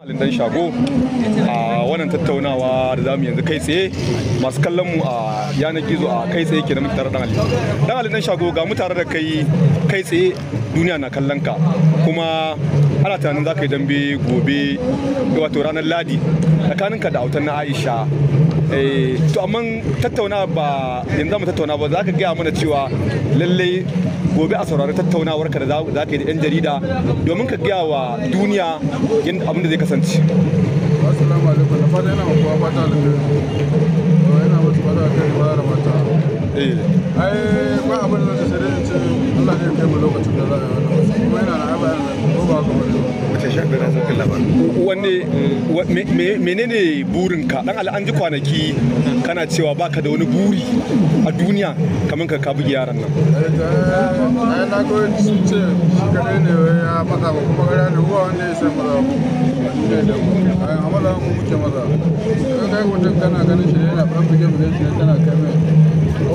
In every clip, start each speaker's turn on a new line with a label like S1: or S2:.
S1: Alindan Shago a wannan tattaunawa da zamu yanzu kai tsaye masu kallon mu a yanar gizo a kai tsaye ke muke tare da Dan Alindan Shago ga mutare tare da kai kai tsaye duniya na kallon ka kuma har tunanin za ka yi dambe gobe wato ranar ladi tsakanin ka da autan na aisha eh, to amma tattauna ba yanzu mu tattauna ba za ka gaya mana cewa lallai gobe a saurari tattaunawar ka da za ka yi da 'yan jarida domin ka gaya wa duniya abin da zai kasance
S2: assalamu alaikum na fata yana makuwa fata alaikum yana ta fata alaikum ba da mata Eh, ai ba abin da sai dai ce Allah ne
S1: kai da a yi wanne menene burinka dan Allah an ji kwanaki kana cewa baka da wani buri a duniya kamar ka ka yaran nan ko
S2: eh, ce ne kuma da ruwa wanda ya san maza kai kana ganin shi yana fara kana kai mai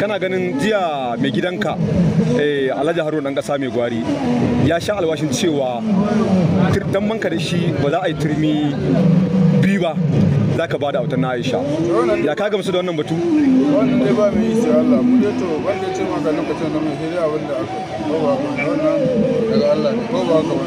S1: kana ganin jiya mai gidanka eh, alhaji haruna dan kasa mai gwari ya sha alwashin cewa dan manka da shi ba za a yi turmi biyu ba za ka bada autar na aisha ya ka gamsu da wannan batu
S2: wannan dai ba mai yi sai Allah mu dai to wanda ya ce maka lokacin da mai a wanda aka ko ba wannan daga Allah ne ko ba ka ba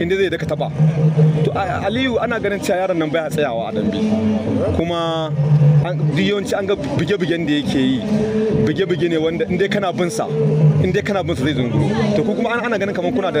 S1: inda zai daka taba to aliyu ana ganin cewa yaron nan baya tsayawa a dambe kuma yawanci an ga bige-bigen da yake yi bige-bige ne wanda inda kana bin sa inda kana bin sa zai zunguru to kuma ana ganin kamar kuna da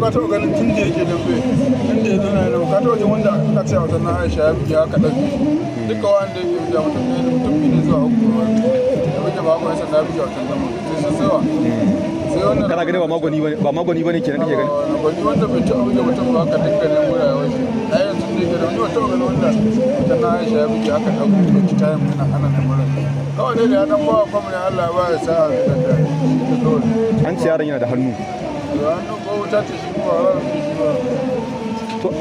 S2: ka ganin tun da yake dafe tun da ya yana wanda aka ce a wata na aisha ya biya duka wanda ya biya mutum ne da mutum ne zuwa
S1: uku da wajen ba kuma sanda a zama sai
S2: sun
S1: zuwa kana gani ba magwani ba ke gani magwani wanda bai ci abin da mutum ba ka ne
S2: wani wanda ta na aisha ya biya da kita
S1: yin muna ana ne mura
S2: kawai dai da ya ba allah ba ya sa a
S1: da an yaron yana da hannu to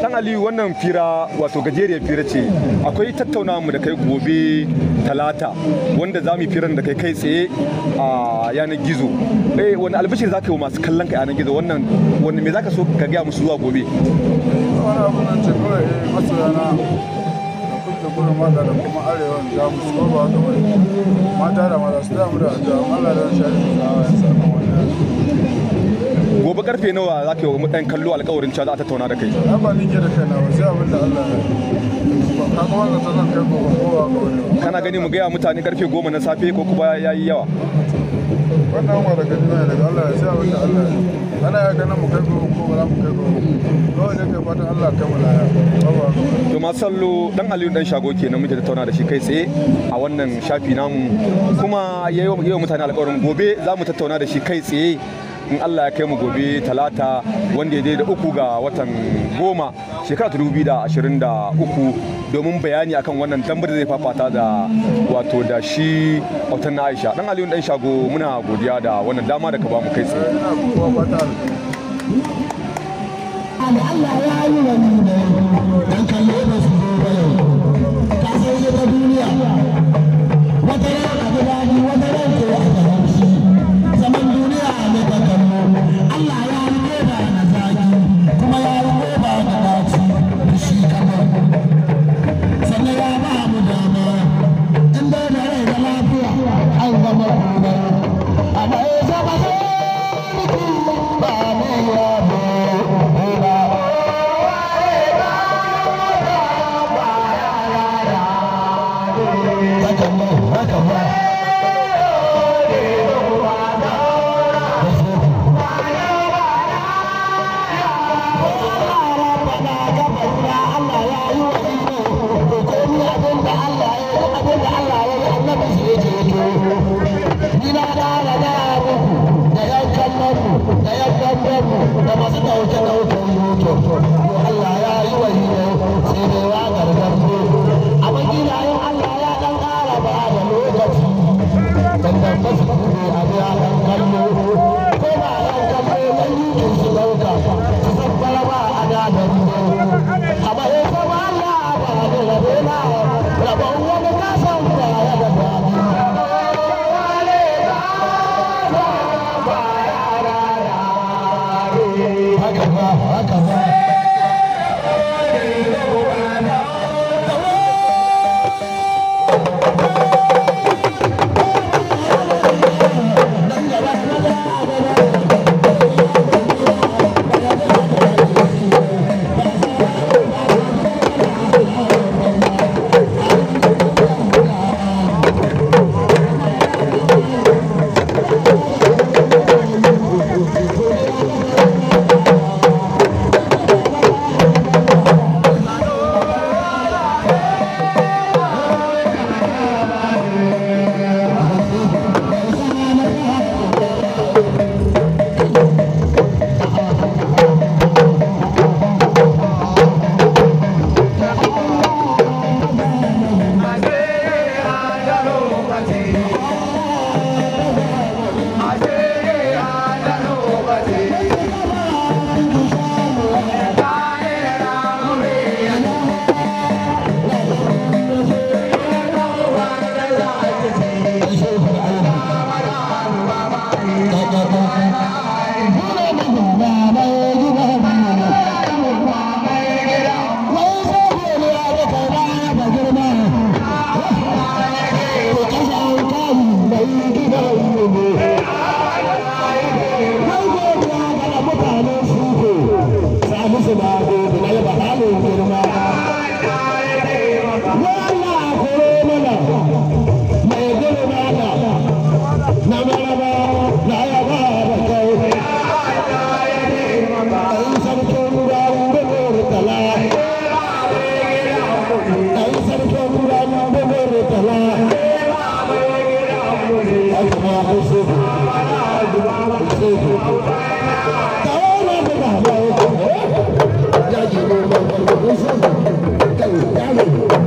S1: dan aliyu wannan fira wato gajeriyar fira ce akwai tattaunawa mu da kai gobe talata wanda za mu firan da kai kai tsaye a yanar gizo eh wani za ka yi wa masu kallon ka yanar gizo wannan wani me zaka so ka gaya musu zuwa gobe
S2: wani abu nan ce kawai eh, masu yana da gudun mata da kuma Arewa za mu su ba ga wani mata da maza su damu da Allah da shari'a da ya saka
S1: gobe karfe nawa za ka yi wa ɗan kallo alkawarin cewa za a tattauna da kai ba ni da kaina ba sai abin da Allah ya
S2: kuma da ta zan kai gobe ko ba gobe
S1: kana gani mu gaya mutane karfe goma na safe ko kuma ya yi yawa
S2: wannan wa gani duniya daga Allah ya sai abin da Allah ya ana ya ganin mu kai gobe ko ba za mu kai gobe kawai ne kai fatan Allah kai mu laya
S1: to masu sallo dan Aliyu dan shago kenan muke tattauna da shi kai tsaye a wannan shafi namu kuma yi wa mutane alƙawarin gobe za mu tattauna da shi kai tsaye in Allah ya kai mu gobe talata wanda ya da uku ga watan goma shekara dubu da ashirin da uku domin bayani akan wannan tambar da zai fafata da wato da shi autan na Aisha dan Aliyu dan shago muna godiya da wannan dama da ka ba mu kai tsaye
S3: Allah ya yi wani da su da yan kallon da masu ɗauke a biya kallo Precisa. Tem, tem.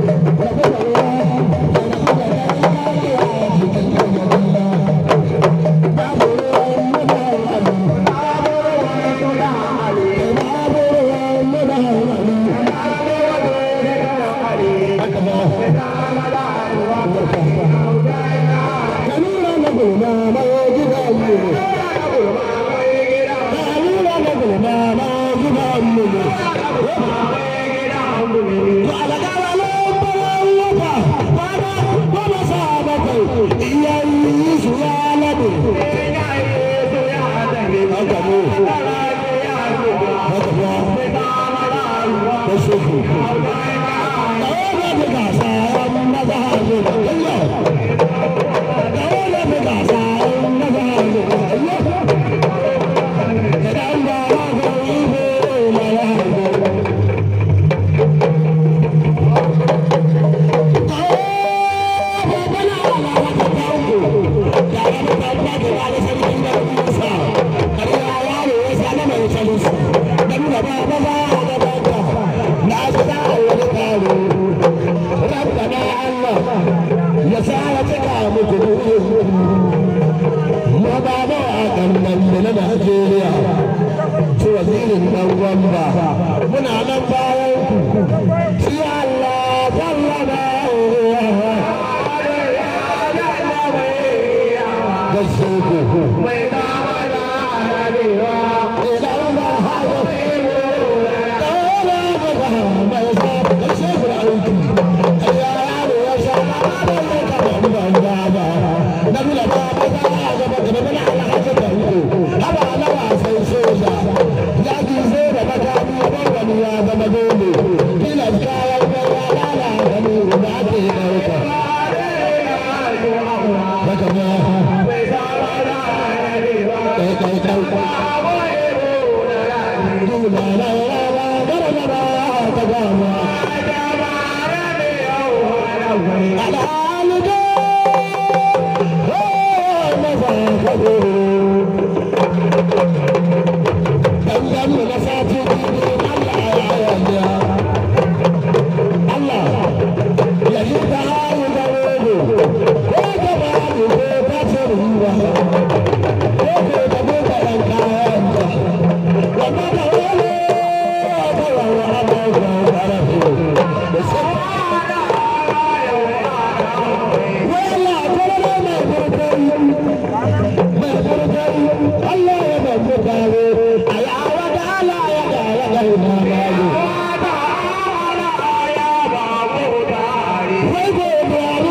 S3: da ɗan gwamba muna nan bayan Bible.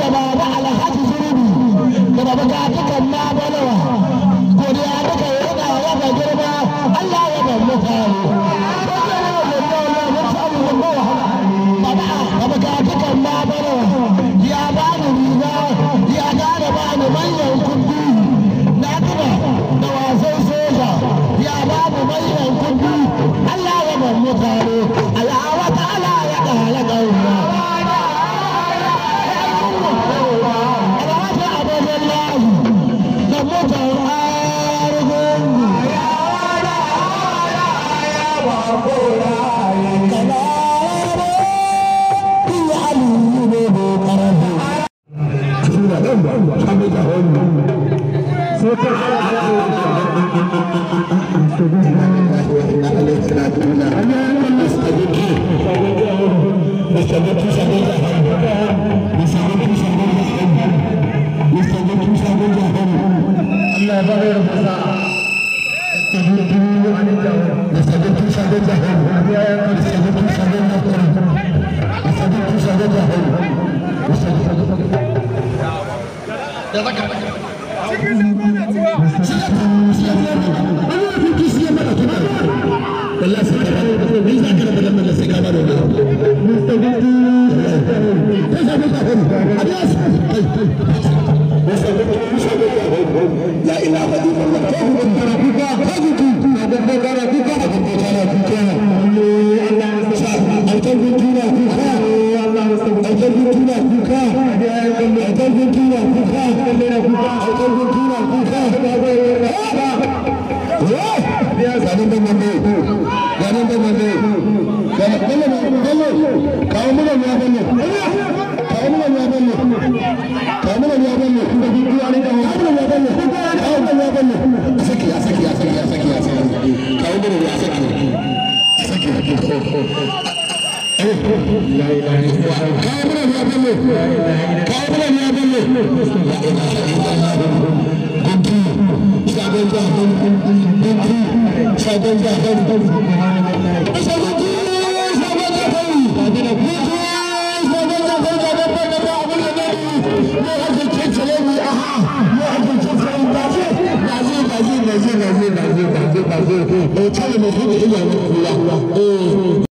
S3: da baba alhaji zurbi da baba Adiós. kawo mana Brasil, Brasil, Brasil. passé, et tu ne me dis qu'il